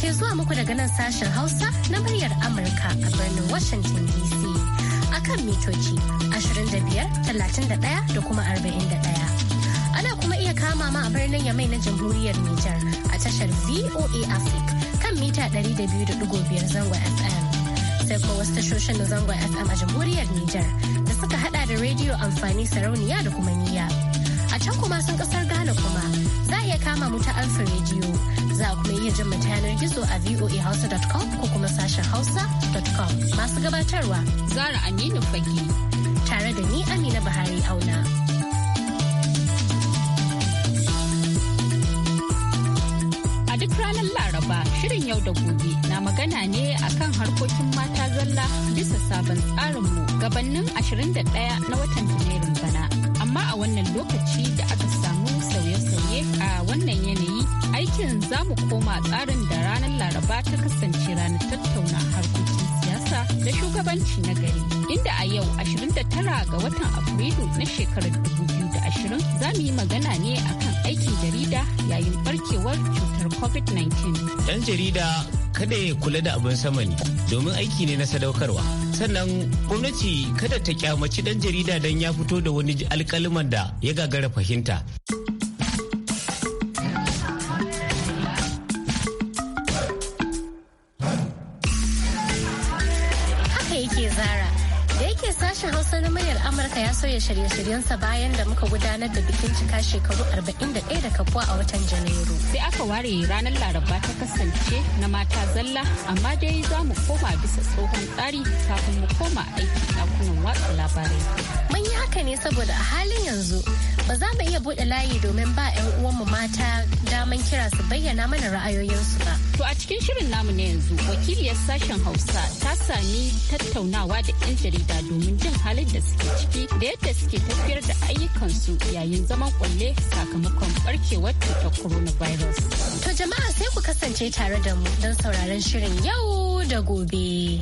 ke zuwa muku daga nan sashen Hausa na muryar Amurka a birnin Washington DC. a kan mitoci 2531 da kuma 41. ana kuma iya kama ma a birnin yamai na jamhuriyar Nijar a tashar VOA Africa kan mita 200.5 zangon FM. Sai kuma wasu tashoshin na zangon FM a jamhuriyar Nijar da suka hada da rediyo amfani sarauniya da kuma niyya. A can kuma sun kasar gane kuma za a iya kama mu ta Alfa rediyo za a kuma iya jin mutanen gizo a voahausa.com ko kuma sashen hausa.com masu gabatarwa zara aminu fage tare da ni amina bahari auna a duk ranar laraba shirin yau da gobe na magana ne akan harkokin mata zalla bisa sabon tsarinmu gabanin 21 na watan janairun bana amma a wannan lokaci da aka samu sauye-sauye a wannan yanayi shirin za mu koma tsarin da ranar laraba ta kasance ranar tattauna harkokin siyasa da shugabanci na gari inda a yau 29 ga watan afrilu na shekarar 2020 za mu yi magana ne akan aikin jarida yayin barkewar cutar covid-19 dan jarida kada ya kula da abin sama ne domin aiki ne na sadaukarwa sannan gwamnati kada ta kyamaci dan jarida don ya fito da wani alkaliman da ya gagara fahimta. Sashen Hausa na muryar Amurka ya sauya shirye-shiryensa bayan da muka gudanar da bikin cika shekaru 41 da kafuwa a watan Janairu. Sai aka ware ranar Laraba ta kasance na mata zalla amma dai za mu koma bisa tsohon tsari kafin mu koma aiki ɗakunan watsa labarai. Mun yi haka ne saboda a halin yanzu ba za mu iya buɗe layi domin ba 'yan uwanmu mata daman kira su bayyana mana ra'ayoyinsu ba. To a cikin shirin namu na yanzu wakiliyar sashen Hausa ta sami tattaunawa da 'yan jarida domin jin halin da suke ciki da yadda suke tafiyar da ayyukansu yayin zaman kwalle sakamakon barkewar cutar coronavirus. To jama'a sai ku kasance tare da mu don sauraron shirin yau da gobe.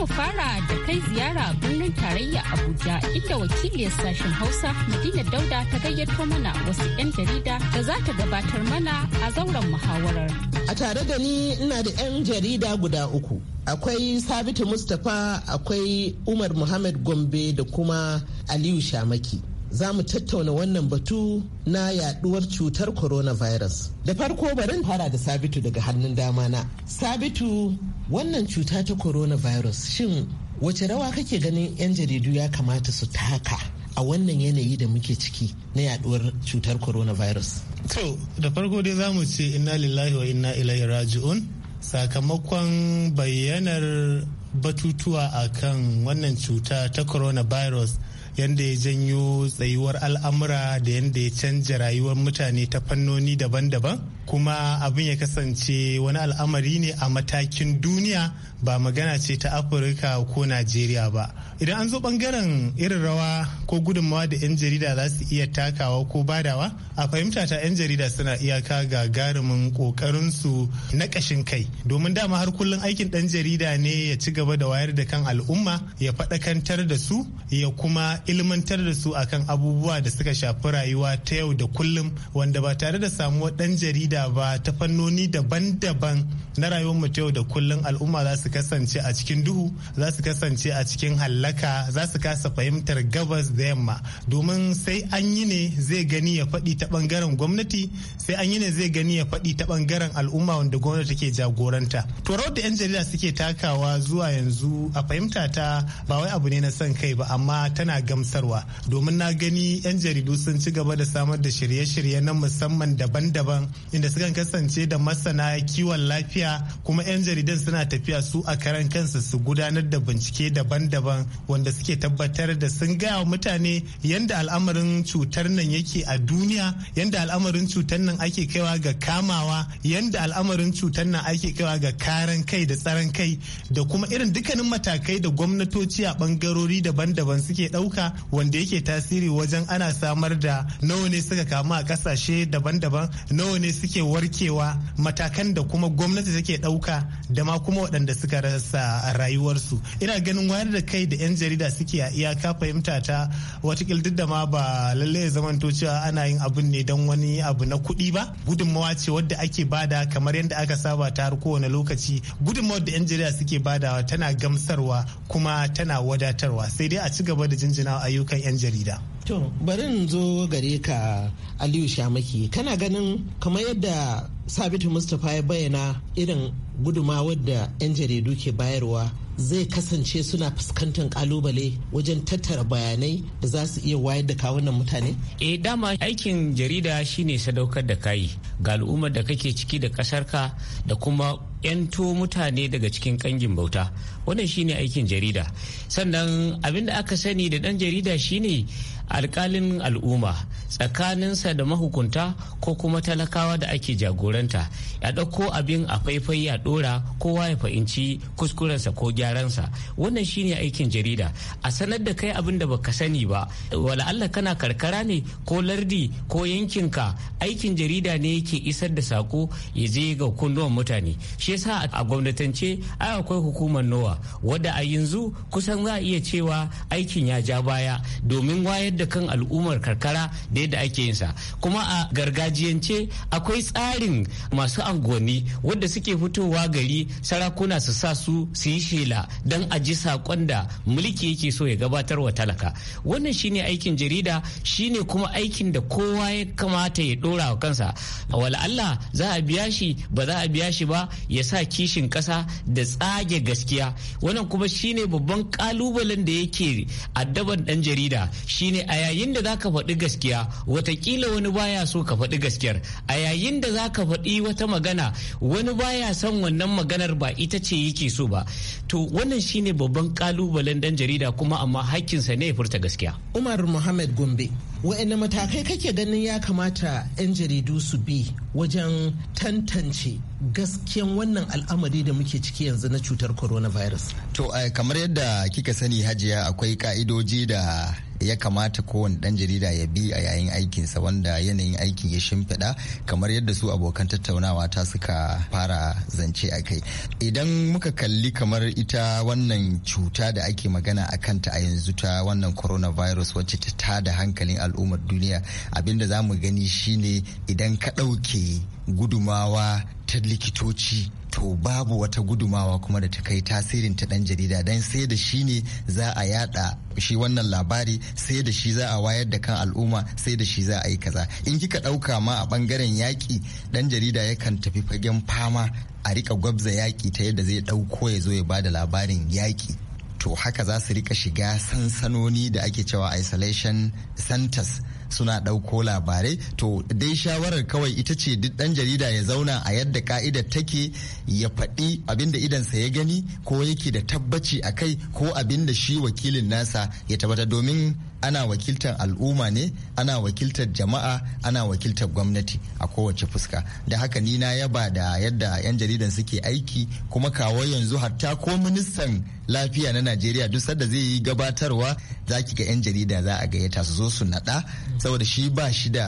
mu fara da kai ziyara birnin tarayya Abuja inda wakiliyar sashen Hausa Madina Dauda ta gayyato mana wasu 'yan jarida da za ta gabatar mana a zauren muhawarar. A tare da ni ina da 'yan jarida guda uku. Akwai Sabitu Mustapha, akwai Umar Muhammad Gombe da kuma Aliyu Shamaki. za mu tattauna wannan batu na yaduwar cutar coronavirus. Da farko barin fara da Sabitu daga hannun dama na. Sabitu wannan cuta ta coronavirus shin wace rawa kake ganin 'yan jaridu ya kamata su taka a wannan yanayi da muke ciki na yaduwar cutar coronavirus? To, da farko dai za mu ce inna lillahi wa inna ilaihi raji'un sakamakon bayyanar batutuwa akan wannan cuta ta coronavirus. yadda ya janyo tsayuwar al'amura da yadda ya canja rayuwar mutane ta fannoni daban-daban kuma abin ya kasance wani al'amari ne a matakin duniya ba magana ce ta afirka ko najeriya ba idan an zo bangaren irin rawa ko gudunmawa da 'yan jarida za su iya takawa ko badawa a fahimta ta 'yan jarida suna iyaka gagarumin kokarinsu na kashin kai domin dama har kullum aikin ɗan jarida ne ya ci gaba da wayar da kan al'umma ya faɗakantar da su ya kuma ilmantar da su akan abubuwa da suka shafi rayuwa ta yau da kullum wanda ba tare da samuwar ɗan jarida ba ta fannoni daban-daban na rayuwar mu ta yau da kullum al'umma za su kasance a cikin duhu za su kasance a cikin hallaka za su kasa fahimtar gabas da yamma domin sai an yi ne zai gani ya faɗi ta ɓangaren gwamnati sai an yi ne zai gani ya faɗi ta ɓangaren al'umma wanda gwamnati take jagoranta to rawar da 'yan jarida suke takawa zuwa yanzu a fahimta ta ba wai abu ne na son kai ba amma tana gam gamsarwa domin na gani 'yan jaridu sun ci gaba da samar da shirye-shirye na musamman daban-daban inda suka kasance da masana kiwon lafiya kuma 'yan jaridan suna tafiya su a karan kansu su gudanar da bincike daban-daban wanda suke tabbatar da sun gaya wa mutane yadda al'amarin cutar nan yake a duniya yadda al'amarin cutar nan ake kaiwa ga kamawa yadda al'amarin cutar nan ake kaiwa ga karan kai da tsaron kai da kuma irin dukkanin matakai da gwamnatoci a bangarori daban-daban suke ɗauka cututtuka wanda yake tasiri wajen ana samar da nawa ne suka kamu a kasashe daban-daban nawa ne suke warkewa matakan da kuma gwamnati take ɗauka da ma kuma waɗanda suka rasa rayuwarsu ina ganin wayar da kai da 'yan jarida suke a iyaka fahimta ta watakil duk da ma ba lallai zaman zamanto cewa ana yin abun ne don wani abu na kuɗi ba gudunmawa ce wadda ake bada kamar yadda aka saba ta har kowane lokaci gudunmawar da 'yan jarida suke badawa tana gamsarwa kuma tana wadatarwa sai dai a ci gaba da jinjina waɗannan ayyukan 'yan jarida. To bari in zo gare ka Aliyu Shamaki kana ganin kamar yadda Sabitu Mustapha ya bayyana irin gudumawar da 'yan jaridu ke bayarwa zai kasance suna fuskantar kalubale wajen tattara bayanai da za su iya wayar da kawunan mutane? Eh dama aikin jarida shine sadaukar da kayi ga al'ummar da kake ciki da kasarka da kuma 'yanto mutane daga cikin kangin bauta wannan shine aikin jarida sannan abin da aka sani da dan jarida shine alkalin al'umma tsakaninsa da mahukunta ko kuma talakawa da ake jagoranta ya ɗauko abin a faifai ya ɗora kowa ya fahimci kuskurensa ko gyaransa wannan shine aikin jarida a sanar da kai abin da baka sani ba wala Allah kana karkara ne ko lardi ko yankinka aikin jarida ne yake isar da sako ya je ga kunnuwan mutane shi yasa a gwamnatance ai akwai hukumar nowa wadda a yanzu kusan za a iya cewa aikin ya ja baya domin wayar da kan al'ummar karkara da da ake yin sa kuma a gargajiyance akwai tsarin masu angoni wadda suke fitowa gari sarakuna su sa su su yi shela don a ji sakon da mulki yake so ya gabatar wa talaka wannan shine aikin jarida shine kuma aikin da kowa ya kamata ya dora wa kansa wala Allah za a biya shi ba za a biya shi ba ya sa kishin kasa da tsage gaskiya wannan kuma shine babban kalubalen da yake addaban dan jarida shine a yayin da zaka faɗi gaskiya watakila wani baya so ka faɗi gaskiyar a yayin da za ka faɗi wata magana wani baya son wannan maganar ba ita ce yake so ba to wannan shine babban kalubalen dan jarida kuma amma hakkinsa ne ya furta gaskiya umar muhammad gombe wa'anne matakai kake ganin ya kamata 'yan jaridu su bi wajen tantance gaskiyan wannan al'amari da muke ciki yanzu na cutar coronavirus to kamar yadda kika sani hajiya akwai ka'idoji da ya kamata kowane dan jarida ya bi a yayin aikinsa wanda yanayin aikin ya shimfiɗa kamar yadda su abokan tattaunawa ta suka fara zance a kai idan muka kalli kamar ita wannan cuta da ake magana a kanta a yanzu ta wannan coronavirus wacce ta tada hankalin al'ummar duniya abinda za mu gani shine idan ka ɗauke gudumawa ta likitoci to babu wata gudumawa kuma da ta kai tasirin ta dan jarida dan sai da shi ne za a yada shi wannan labari sai da shi za a wayar da kan al'umma sai da shi za a yi kaza in kika dauka ma a bangaren yaki dan jarida yakan tafi fagen fama a rika gwabza yaki ta yadda zai dauko ya zo ya bada labarin yaki to haka za su rika shiga sansanoni da ake cewa isolation centers suna ɗauko labarai to dai shawarar kawai ita ce duk ɗan jarida ya zauna a yadda ka'idar take ya faɗi abinda idansa ya gani ko yake da tabbaci a kai ko abinda shi wakilin nasa ya tabbata domin ana wakiltar al'umma ne ana wakiltar jama'a ana wakiltar gwamnati a kowace fuska da haka ni na yaba da yadda 'yan jaridan suke aiki kuma kawo yanzu hatta ko ministan lafiya na najeriya duk sadda zai yi gabatarwa za ga 'yan jarida za a gayyata su zo su naɗa saboda shi ba shi da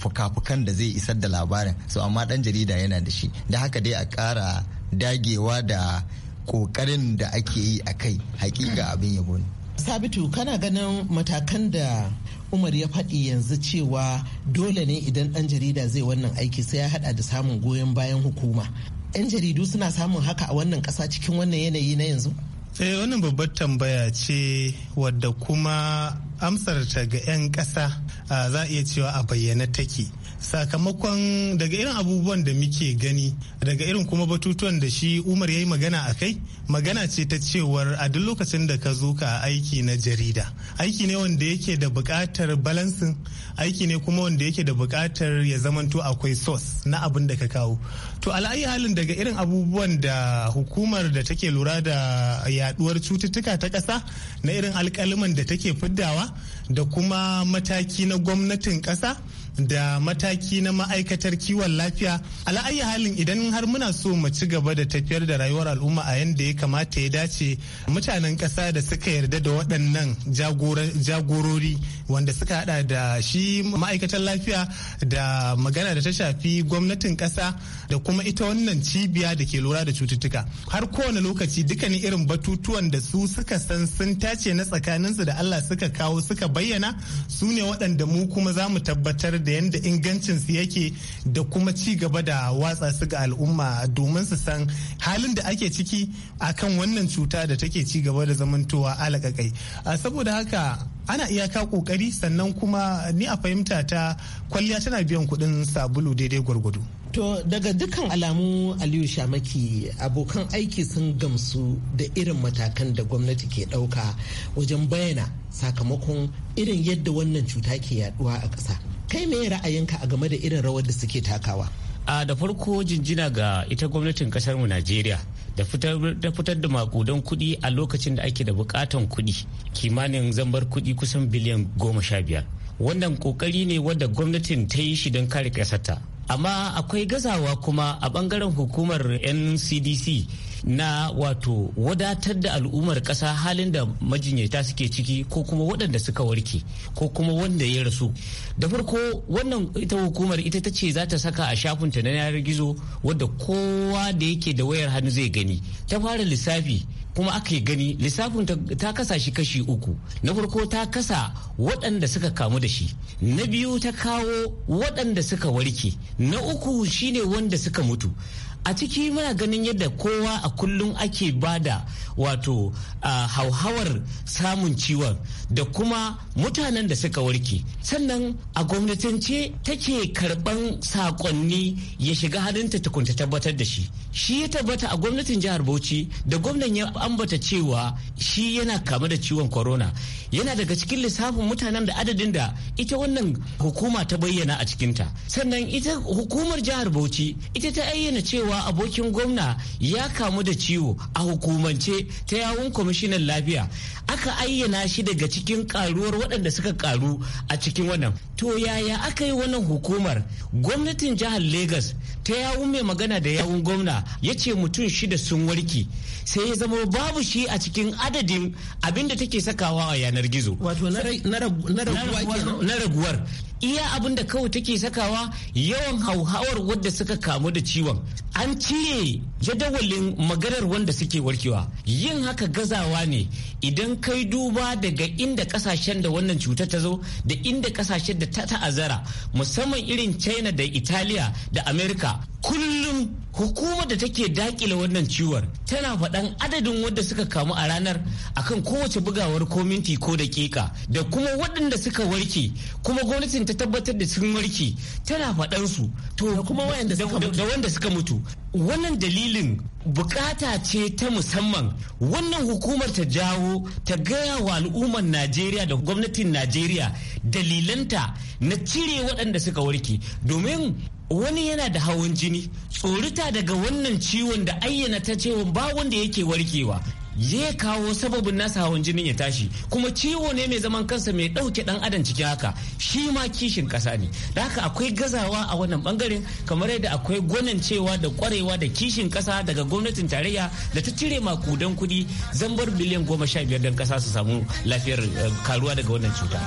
fuka-fukan da zai isar da labarin so amma dan jarida yana da shi da haka dai a kara dagewa da kokarin da ake yi a kai hakika abin yabo ne sabitu kana ganin matakan da umar ya faɗi yanzu cewa dole ne idan ɗan jarida zai wannan aiki sai ya haɗa da samun goyon bayan hukuma 'yan jaridu suna samun haka a wannan ƙasa cikin wannan yanayi na yanzu eh wannan babbar tambaya ce wadda kuma amsar ta ga 'yan ƙasa za a iya cewa a bayyane take sakamakon daga irin abubuwan da muke gani daga irin kuma batutuwan da shi umar ya yi magana a kai magana ce ta cewar a duk lokacin da ka zo ka aiki na jarida aiki ne wanda yake da bukatar balansin aiki ne kuma wanda yake da bukatar ya zamanto akwai sos na abin da ka kawo to alayi halin daga irin abubuwan da hukumar da take lura da yaduwar cututtuka ta ƙasa na irin alkaliman da take fiddawa da kuma mataki na gwamnatin ƙasa da mataki na ma'aikatar kiwon lafiya ala'ayi halin idan har muna so mu ci gaba da tafiyar da rayuwar al'umma a yadda ya kamata ya dace mutanen kasa da suka yarda da waɗannan jagorori wanda suka hada da shi ma'aikatar lafiya da magana da ta shafi gwamnatin ƙasa da kuma ita wannan cibiya da ke lura da cututtuka har kowane lokaci dukkanin irin batutuwan da su suka san sun tace na tsakaninsu da allah suka kawo suka bayyana su ne waɗanda mu kuma za mu tabbatar da yadda ingancin su yake da kuma ci gaba da watsa su ga al'umma domin su san halin da ake ciki akan wannan cuta da take ci gaba da zamantowa alakakai saboda haka ana iyaka kokari sannan kuma ni a fahimta ta kwalliya tana biyan kuɗin sabulu daidai gwargwado To daga dukkan alamu Aliyu Shamaki abokan aiki sun gamsu da irin matakan da gwamnati ke ɗauka wajen bayyana sakamakon irin yadda wannan cuta ke yaduwa a ƙasa. kai me ra'ayinka a game da irin rawar da suke takawa a da farko jinjina ga ita gwamnatin kasar mu najeriya da fitar da makudan kuɗi a lokacin da ake da bukatan kuɗi kimanin zambar kuɗi kusan biliyan goma sha biyar wannan kokari ne wadda gwamnatin ta yi shi don kare ƙasarta amma akwai gazawa kuma a bangaren hukumar ncdc na wato wadatar da al'ummar ƙasa halin da majinyata suke ciki ko kuma waɗanda suka warke ko kuma wanda ya rasu da farko wannan ita hukumar ita ta ce za ta saka a shafinta na yanar gizo wadda kowa da yake da wayar hannu zai gani ta fara lissafi kuma aka yi gani lissafin ta kasa shi kashi uku na farko ta kasa waɗanda suka kamu da shi na biyu ta kawo waɗanda suka warke na uku shine wanda suka mutu a ciki muna ganin yadda kowa a kullum ake bada wato hauhawar samun ciwon da kuma mutanen da suka warke sannan a gwamnatance take karban sakonni ya shiga hannunta tukunta tabbatar da shi shi ya tabbata a gwamnatin jihar bauchi da gwamnan ya ambata cewa shi yana kama da ciwon corona yana daga cikin lissafin mutanen da adadin da ita wannan hukuma ta bayyana a cikinta sannan ita hukumar jihar bauchi ita ta ayyana cewa cewa abokin gwamna ya kamu da ciwo a hukumance ta yawun kwamishinan lafiya aka ayyana shi daga cikin karuwar waɗanda suka karu a cikin wannan to yaya aka yi wannan hukumar gwamnatin jihar Legas ta yawun mai magana da yawun gwamna ya ce mutum shida sun warke sai ya zama babu shi a cikin adadin abinda take sakawa a yanar gizo na raguwar iya abin da kawai take sakawa yawan hauhawar wadda suka kamu da ciwon an cire jadawalin maganar wanda suke warkewa yin haka gazawa ne idan kai duba daga inda kasashen da wannan cutar ta zo da inda kasashen da ta ta'azara musamman irin china da italiya da america kullum hukumar da take dakile wannan ciwon tana faɗan adadin wadda suka kamu a ranar akan kowace bugawar ko minti ko dakika da kuma waɗanda suka warke kuma gwamnatin ta tabbatar da sun warke tana faɗan su to kuma da wanda suka mutu wannan dalilin bukata ce ta musamman wannan hukumar ta jawo ta gaya wa al'ummar najeriya da gwamnatin najeriya dalilanta na cire waɗanda suka warke domin wani yana da hawan jini tsorita daga wannan ciwon da ayyana ta ciwon ba wanda yake warkewa ya kawo sababin nasa hawan jinin ya tashi kuma ciwo ne mai zaman kansa mai ɗauke ɗan adam cikin haka shi ma kishin ƙasa ne da haka akwai gazawa a wannan bangaren kamar yadda akwai cewa da kwarewa da kishin ƙasa daga gwamnatin tarayya da ta cire makudan kuɗi zambar biliyan goma sha biyar don ƙasa su samu lafiyar eh, karuwa daga wannan cuta.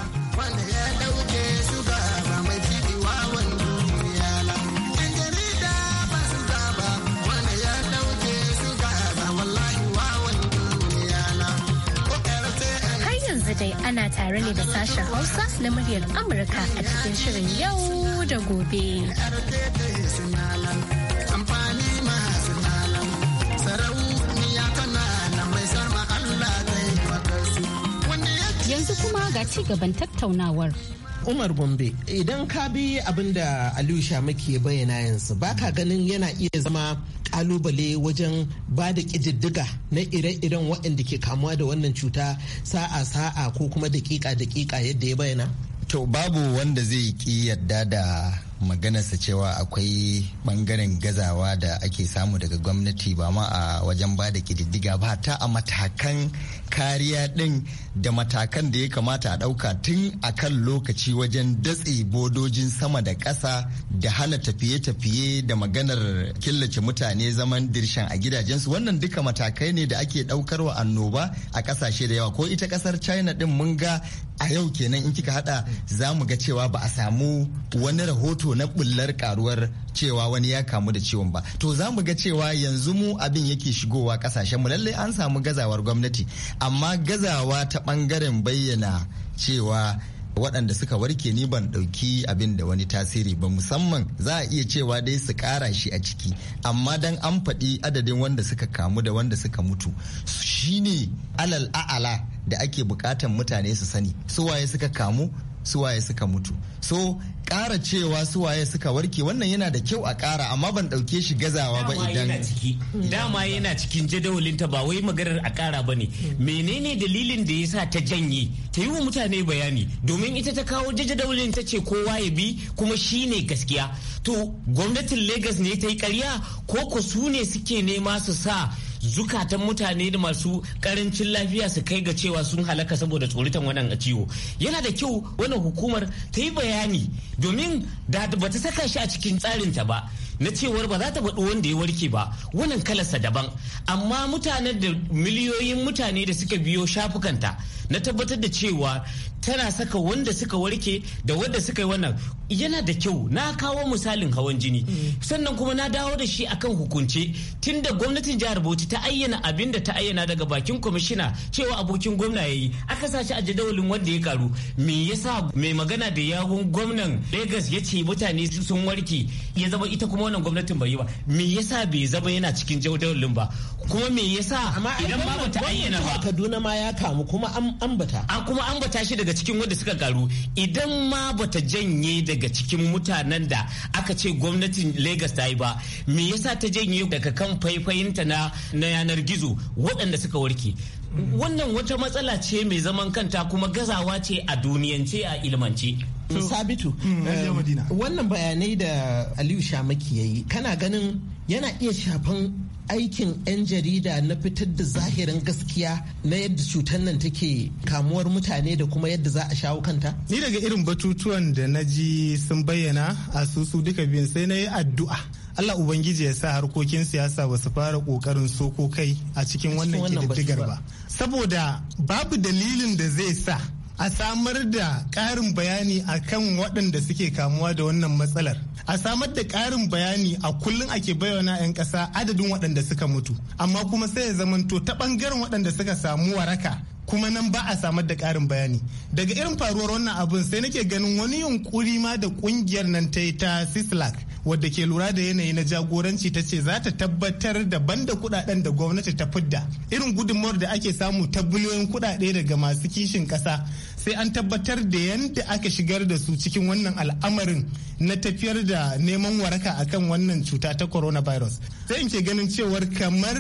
dai ana tare ne da sashen Hausa na muryar Amurka a cikin shirin yau da gobe. Yanzu kuma ga ci gaban tattaunawar. Umar Gombe idan ka bi abin da Aliyu Shamaki ya bayyana yanzu baka ganin yana iya zama kalubale wajen ba da ƙididdiga na ire-iren waɗanda ke kamuwa da wannan cuta sa'a-sa'a ko kuma daƙiƙa dakika yadda ya bayyana? To babu wanda zai ki yadda da maganarsa cewa akwai bangaren gazawa da ake samu daga gwamnati ba ma a wajen ba da kididdiga ba ta a matakan kariya ɗin da matakan da ya kamata a ɗauka tun a kan lokaci wajen datse bodojin sama da ƙasa da hana tafiye-tafiye da maganar killace mutane zaman dirshan a gidajensu wannan duka matakai ne da ake wa annoba a ƙasashe da yawa ko ita kasar china ɗin mun ga a yau kenan in kika hada za mu ga cewa ba a samu wani rahoto to na bullar karuwar cewa wani ya kamu da ciwon ba to za mu ga cewa yanzu mu abin yake shigowa kasashen mu lallai an samu gazawar gwamnati amma gazawa ta bangaren bayyana cewa waɗanda suka warke ni ban ɗauki abin da wani tasiri ba musamman za a iya cewa dai su ƙara shi a ciki amma dan an faɗi adadin wanda suka kamu da wanda suka mutu shine alal a'ala da ake bukatan mutane su sani su waye suka kamu suwaye suka mutu so ƙara cewa suwaye suka warke wannan yana da kyau a ƙara amma ban ɗauke shi gazawa ba idan dama yana cikin jadawalin ta ba wai maganar a ƙara bane. menene dalilin da ya sa ta janye ta yi wa mutane bayani domin ita ta kawo jadawalin ta ce kowa ya bi kuma shine gaskiya to gwamnatin lagos ne ta yi ƙarya ko ko su ne suke nema su sa zukatan mutane da masu karancin lafiya su kai ga cewa sun halaka saboda tsoritan wannan ciwo yana da kyau wannan hukumar ta yi bayani domin da ba ta saka shi a cikin tsarinta ba na cewar ba za ta faɗi wanda ya warke ba wannan kalarsa daban amma mutanen da miliyoyin mutane da suka biyo shafukanta na tabbatar da cewa tana saka wanda suka warke da wanda suka yi wannan yana da kyau na kawo misalin hawan jini mm. sannan kuma na dawo da shi akan hukunce tun da gwamnatin jihar bauchi ta ayyana abin da ta ayyana daga bakin kwamishina cewa abokin gwamna ya yi aka sa shi a jadawalin wanda ya karu me yasa mai magana da yawun gwamnan lagos ya ce mutane sun warke ya zama ita kuma wannan gwamnatin bai yi ba me yasa bai zama yana cikin jaudawalin ba kuma me yasa idan ma bata ayyana ba Kaduna ma ya kamu kuma an ambata an kuma ambata shi daga cikin wanda suka karu idan ma bata janye daga cikin mutanen da aka ce gwamnatin Lagos ta yi ba me yasa ta janye daga kan faifayinta na na yanar gizo waɗanda suka warke wannan wata matsala ce mai zaman kanta kuma gazawa ce a duniyance a ilmance sabitu mm, um, wannan bayanai da aliyu shamaki ya yi kana ganin yana iya shafan aikin 'yan jarida na fitar da zahirin gaskiya na yadda cutar nan take kamuwar mutane da kuma yadda za a shawo kanta? Ni daga irin batutuwan da na ji sun bayyana a susu duka biyun sai na yi addu'a. Allah Ubangiji ya sa harkokin siyasa ba su fara kokarin soko kai a cikin wannan ba. Saboda babu dalilin da zai sa a samar da ƙarin bayani a kan waɗanda suke kamuwa da wannan matsalar a samar da ƙarin bayani a kullum ake bayyana 'yan ƙasa adadin waɗanda suka mutu amma kuma sai ya zamanto ta ɓangaren waɗanda suka samu waraka kuma nan ba a samar da ƙarin bayani daga irin faruwar wannan abin sai nake ganin wani yunkuri ma da ƙungiyar nan ta yi ta sislak wadda ke lura da yanayi na jagoranci ta ce za ta tabbatar da banda kudaden da gwamnati ta fidda irin gudunmawar da ake samu ta biliyoyin kudade daga masu kishin kasa sai an tabbatar da yadda aka shigar da su cikin wannan al'amarin na tafiyar da neman waraka akan wannan cuta ta coronavirus sai in ke ganin cewar kamar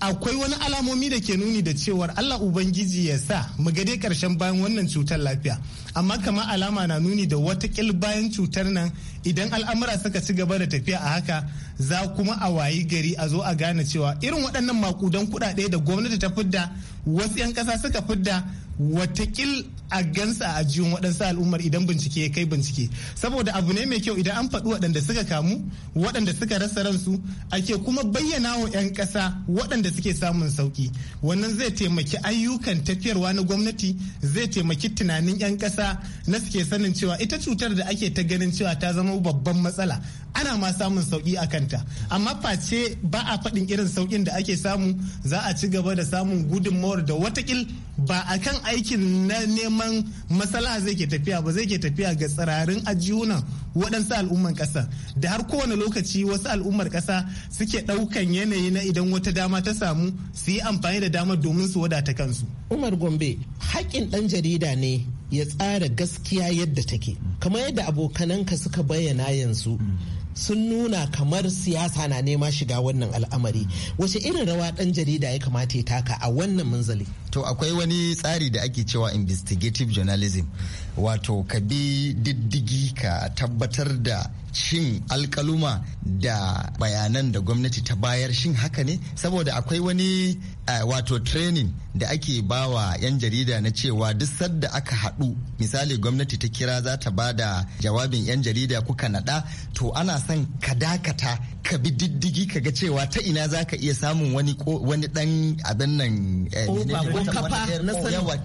akwai wani alamomi da ke nuni da cewar Allah Ubangiji ya sa mu gade karshen bayan wannan cutar lafiya amma kama alama na nuni da wata ƙil bayan cutar nan idan al'amura suka ci gaba da tafiya a haka za kuma a wayi gari a zo a gane cewa irin waɗannan makudan kuɗaɗe da gwamnati ta fidda wasu 'yan ƙasa suka fidda watakil a gansa a jiyun waɗansu al'ummar idan bincike ya kai bincike saboda abu ne mai kyau idan an faɗi waɗanda suka kamu waɗanda suka rasa ransu ake kuma bayyana wa 'yan ƙasa waɗanda suke samun sauki wannan zai taimaki ayyukan tafiyarwa na gwamnati zai taimaki tunanin 'yan ƙasa na suke sanin cewa ita cutar da ake ta ganin cewa ta zama babban matsala ana ma samun sauki a kanta amma face ba a faɗin irin saukin da ake samu za a ci gaba da samun gudunmawar da watakil ba a kan aikin na neman masala zai ke tafiya ba zai ke tafiya ga tsirarin ajiyunan waɗansu al'ummar ƙasa da har kowane lokaci wasu al'ummar ƙasa suke ɗaukan yanayi na idan wata dama ta samu su yi amfani da damar domin su wadata kansu. Umar Gombe haƙƙin ɗan jarida ne ya tsara gaskiya yadda take kamar yadda abokananka suka bayyana yanzu sun nuna kamar siyasa na nema shiga wannan al'amari wace irin rawa dan jarida ya kamata ya taka a wannan munzali to akwai wani tsari da ake cewa investigative journalism wato ka bi diddigi ka tabbatar da shin alkaluma da bayanan da gwamnati ta bayar shin haka ne saboda akwai wani uh, wato training da ake bawa 'yan jarida na cewa duk sadda aka haɗu misali gwamnati ta kira za ta ba da jawabin 'yan jarida kuka naɗa to ana son ka dakata ka bi diddigi ka ga cewa ta ina za ka iya samun wani wani dan abin nan eh,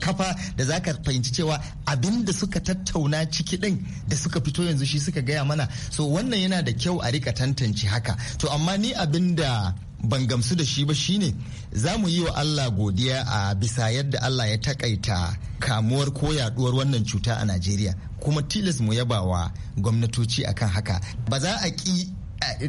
kafa da za ka fahimci cewa abin da suka tattauna ciki ɗin da suka fito yanzu shi suka gaya mana so so wannan yana da kyau a rika tantance haka to amma ni abin da ban gamsu da shi ba shine za mu yi wa Allah godiya a bisa yadda Allah ya takaita kamuwar ko yaduwar wannan cuta a Najeriya kuma tilas mu yaba wa gwamnatoci akan haka ba za a ki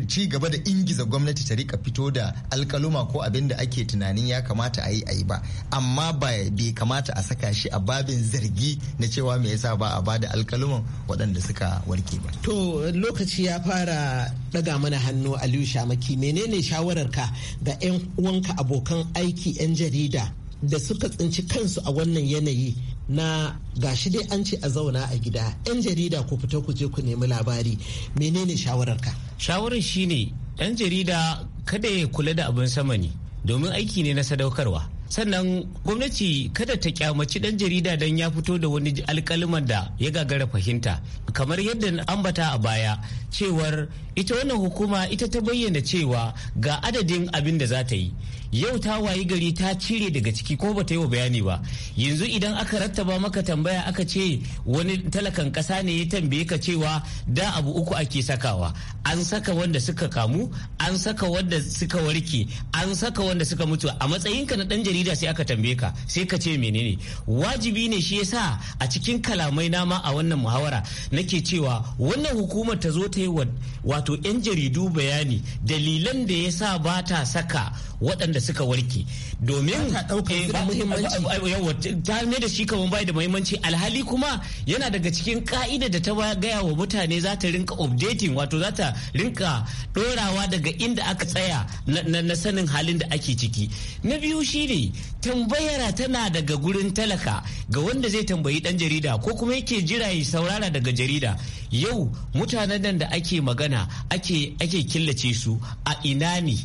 ci gaba da ingiza gwamnati ta rika fito da alkaluma ko abin da ake tunanin ya kamata a yi a yi ba amma ba bai kamata a saka shi a babin zargi na cewa me yasa ba a ba da alkaluman waɗanda suka warke ba to lokaci ya fara daga mana hannu aliyu shamaki menene shawararka ga 'yan uwanka abokan aiki 'yan jarida da suka tsinci kansu a wannan yanayi na gashi dai an ce a zauna a gida 'yan jarida ku fita ku je ku nemi labari menene shawararka shawarar shine 'yan jarida kada ya kula da abin sama ne domin aiki ne na sadaukarwa sannan gwamnati kada ta kyamaci dan jarida dan ya fito da wani alkaliman da ya gagara fahimta kamar yadda ambata a baya cewar ita wannan hukuma ita ta bayyana cewa ga adadin abin da za ta yi yau ta wayi gari ta cire daga ciki ko ba ta yi wa bayani ba yanzu idan aka rattaba maka tambaya aka ce wani talakan kasa ne ya tambaye ka cewa da abu uku ake sakawa an saka wanda suka kamu an saka wanda suka warke an saka wanda suka mutu a matsayinka na dan jarida jarida sai aka tambaye ka sai ka ce menene wajibi ne shi yasa a cikin kalamai nama a wannan muhawara nake cewa wannan hukumar ta zo ta yi wato 'yan jaridu bayani dalilan da ya sa ba ta saka waɗanda suka warke domin ta eh, ne da shi kamar bai da muhimmanci alhali kuma yana daga cikin ka'ida da ta gaya wa mutane za ta rinka updating wato za ta rinka ɗorawa daga inda aka tsaya na sanin halin da ake ciki na biyu shi ne. tambayar tambayara tana daga gurin talaka ga wanda zai tambayi dan jarida ko kuma yake jira ya saurara daga jarida yau mutanen nan da ake magana ake ake killace su a ina ne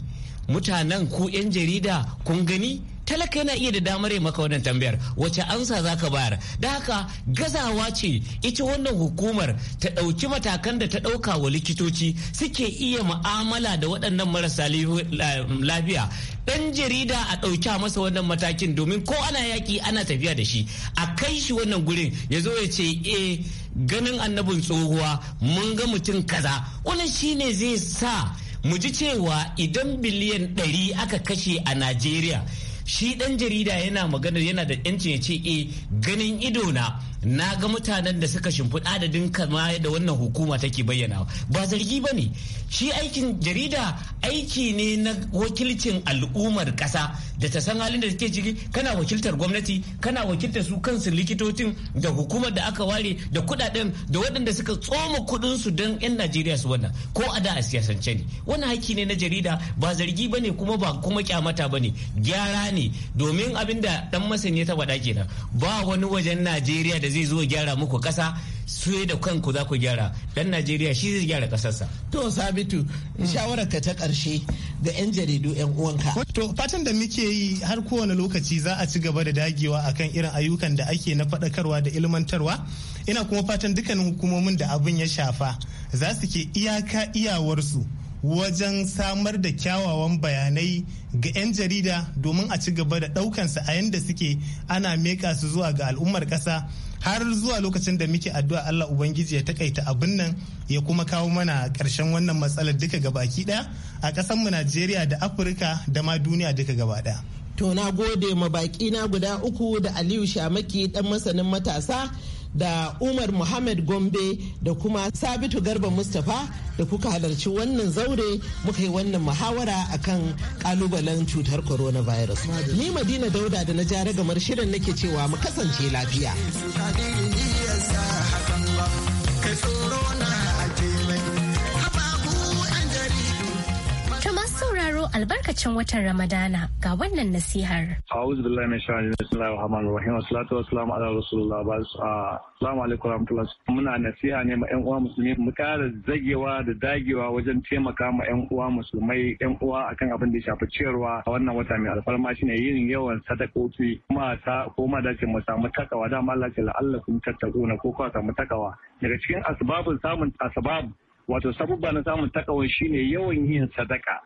mutanen ku yan jarida kun gani talaka yana iya da damar ya maka wannan tambayar wace ansa za ka bayar da haka gazawa ce ita wannan hukumar ta ɗauki matakan da ta ɗauka wa likitoci suke iya mu'amala da waɗannan marasa lafiya ɗan jarida a ɗauki masa wannan matakin domin ko ana yaƙi ana tafiya da shi a kai shi wannan gurin ya zo ya ce eh ganin annabin tsohuwa mun ga mutum kaza wannan shine zai sa mu ji cewa idan biliyan ɗari aka kashe a najeriya shi ɗan jarida yana maganar yana da yancin ya ce e ganin ido na na ga mutanen da suka shimfi adadin kama da wannan hukuma take bayyana ba zargi ba ne shi aikin jarida aiki ne na wakilcin al'ummar ƙasa da ta san halin da take ciki kana wakiltar gwamnati kana wakiltar su kansu likitocin da hukumar da aka ware da kudaden da waɗanda suka tsoma kuɗin su don 'yan najeriya su wannan ko a da a siyasance ne wannan aiki ne na jarida ba zargi ba ne kuma ba kuma kyamata ba ne gyara ne ne domin abin da dan ya taba faɗa na ba wani wajen najeriya da zai zo gyara muku kasa su da kanku za ku gyara dan najeriya shi zai gyara kasarsa. to sabitu shawarar ka ta ƙarshe ga 'yan jaridu 'yan uwanka to fatan da muke yi har kowane lokaci za a ci gaba da dagewa akan irin ayyukan da ake na fadakarwa da ilmantarwa ina kuma fatan dukkanin hukumomin da abin ya shafa za su ke iyaka iyawarsu wajen samar da kyawawan bayanai ga 'yan jarida domin a ci gaba da ɗaukansa a yadda suke ana meka su zuwa ga al'ummar ƙasa har zuwa lokacin da muke addu'a Allah Ubangiji ya takaita abin nan ya kuma kawo mana ƙarshen wannan matsalar duka gabaki ɗaya a mu Najeriya da Afirka da ma duniya duka gaba ɗaya. To na gode ma baki na guda uku da Aliyu Shamaki dan masanin matasa da Umar Muhammad Gombe da kuma Sabitu Garba Mustapha da kuka halarci wannan zaure muka yi wannan muhawara akan kalubalen cutar coronavirus. Ni Madina Dauda da na ja ragamar shirin nake cewa mu kasance lafiya. albarkacin watan Ramadana ga wannan nasihar. A'udhu billahi minash shaitanir rajim. Bismillahir rahmanir rahim. Wassalatu wassalamu ala rasulillah. Assalamu alaikum warahmatullahi. Muna nasiha ne ma ƴan uwa musulmi mu ƙara zagewa da dagewa wajen taimaka ma ƴan uwa musulmai ƴan uwa akan abin da ya shafi ciyarwa a wannan wata mai alfarma shine yin yawan sadakoki kuma ta koma dace mu samu takawa da Allah ce la'allakum tattaquna ko kuma samu takawa daga cikin asbabun samun asbab wato sabubba na samun takawa shine yawan yin sadaka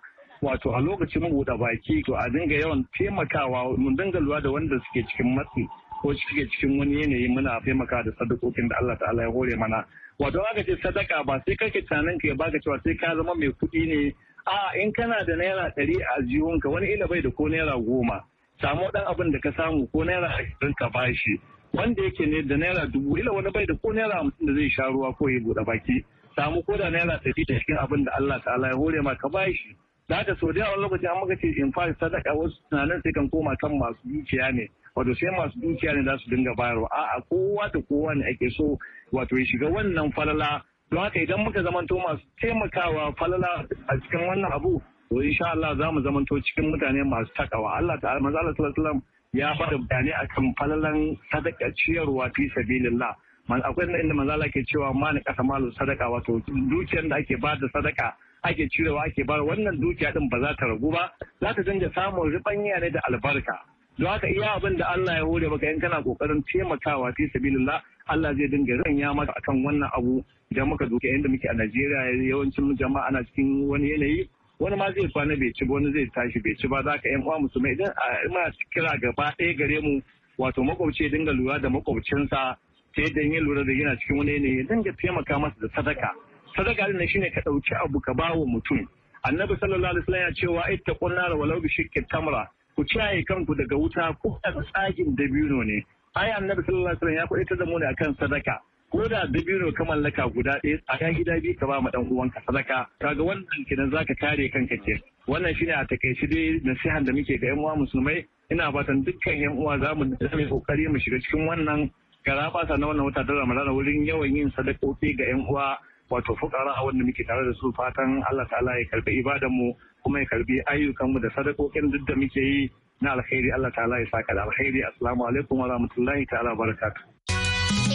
wato a lokacin buɗe baki to a dinga yawan taimakawa mun dinga lura da wanda suke cikin matsi ko suke cikin wani yanayi muna taimaka da sadakokin da Allah ta'ala ya hore mana wato aka ce sadaka ba sai kake tunanin ka ya baka cewa sai ka zama mai kuɗi ne a in kana da naira ɗari a jihunka wani ila bai da ko naira goma samu ɗan abin da ka samu ko naira ashirin ka bashi wanda yake ne da naira dubu ila wani bai da ko naira hamsin da zai sha ruwa ko ya buɗe baki samu ko da naira ɗari da cikin abin da Allah ta'ala ya hore ma ka bashi da haka sau da wani lokaci an maka ce in fact sadaka wasu tunanin sai kan koma kan masu dukiya ne wato sai masu dukiya ne za su dinga bayarwa a'a kowa da kowa ne ake so wato ya shiga wannan falala don haka idan muka zamanto masu taimakawa falala a cikin wannan abu to insha Allah za mu zamanto cikin mutane masu takawa Allah ta'ala manzo Allah sallallahu ya bada bayanai akan falalan sadaka ciyarwa fi sabilillah man akwai inda manzo Allah ke cewa ma ni kasa sadaka wato dukiyar da ake ba da sadaka ake cirewa ake bar wannan dukiya din ba za ta ragu ba za ta canza samun ribanya ne da albarka don haka iya abin da Allah ya hore maka in kana kokarin taimakawa fi sabilillah Allah zai dinga ranya maka akan wannan abu da muka duke inda muke a Najeriya yawancin jama'a ana cikin wani yanayi wani ma zai kwana bai ci wani zai tashi bai ci ba za ka yan uwa musulmai idan a kira gaba ɗaya gare mu wato makwabci dinga lura da makwabcinsa ta yadda ya lura da yana cikin wani yanayi dinga taimaka masa da sadaka sadaka shi shine ka ɗauki abu ka ba wa mutum annabi sallallahu alaihi wasallam ya cewa ittaqun nar walau bi shiqqi tamra ku ciyaye kanku daga wuta ko da tsagin dabino ne ai annabi sallallahu alaihi wasallam ya kuɗi ta zamo ne akan sadaka ko da dabino ka mallaka guda ɗaya a kan gida biyu ka ba ma dan uwanka sadaka kaga wannan kenan zaka kare kanka ke wannan shine a takaice dai nasihan da muke ga yan uwa musulmai ina fatan dukkan yan uwa za mu zame kokari mu shiga cikin wannan garabasa na wannan wata da ramadana wurin yawan yin sadakoki ga yan uwa wato fukara wanda muke tare da su fatan Allah ta'ala ya karbi ibadan mu kuma ya karbi ayyukanmu da sadakokin duk da muke yi na alkhairi Allah ta'ala ya saka da alkhairi assalamu alaikum wa rahmatullahi ta'ala barakatuh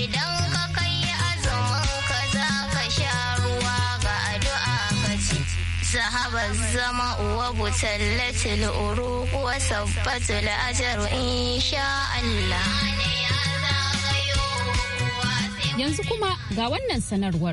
idan ka kai ka za sha ruwa ga addu'a zama uwa butallatul uruq wa sabbatul insha Allah Yanzu kuma ga wannan sanarwar.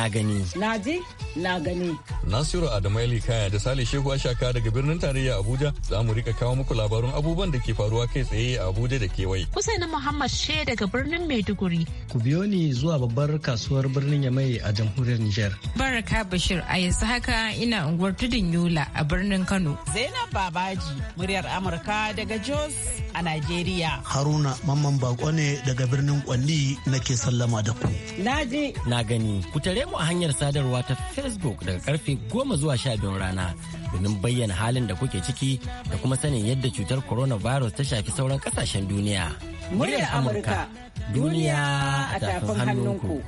na gani. Na ji na gani. Nasiru Adamaili Kaya da Sale Shehu a shaka daga birnin tarayya Abuja za mu rika kawo muku labarun abubuwan da ke faruwa kai tsaye a Abuja da kewaye. na Muhammad She daga birnin Maiduguri. Ku biyo ni zuwa babbar kasuwar birnin Yamai a jamhuriyar Nijar. Baraka Bashir a yanzu haka ina unguwar Tudun Yola a birnin Kano. Zainab Babaji muryar Amurka daga Jos a Najeriya. Haruna Mamman Bako ne daga birnin Kwanni nake sallama da ku. Na ji. Na gani. Ku tare mu a hanyar sadarwa ta Facebook daga karfe goma zuwa sha biyun rana domin bayyana halin da kuke ciki da kuma sanin yadda cutar coronavirus ta shafi sauran kasashen duniya. Muryar Amurka. Duniya a tafin hannunku.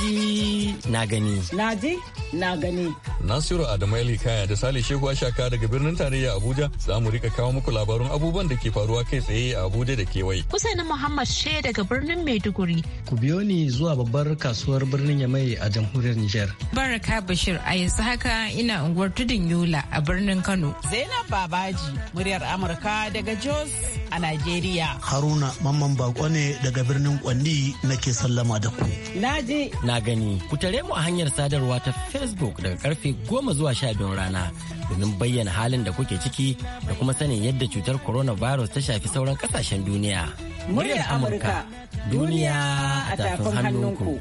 ji na gani na ji na gani. Nasiru Adamu Ali Kaya da Sale Shehu Ashaka daga birnin tarayya Abuja za mu rika kawo muku labarun abubuwan da ke faruwa kai tsaye a Abuja da kewaye. na Muhammad She daga birnin Maiduguri. Ku biyo ni zuwa babbar kasuwar birnin Yamai a jamhuriyar Nijar. Baraka Bashir a yanzu haka ina unguwar Tudun Yola a birnin Kano. Zainab Babaji muryar Amurka daga Jos a Najeriya. Haruna Mamman Bako ne daga birnin Kwandi nake sallama da ku. Naji. Na gani. Ku tare mu a hanyar sadarwa ta facebook daga karfe 10 zuwa 12 rana domin bayyana halin da kuke ciki da kuma sanin yadda cutar coronavirus ta shafi sauran kasashen duniya. Muryar Amurka, duniya a tafin hannunku.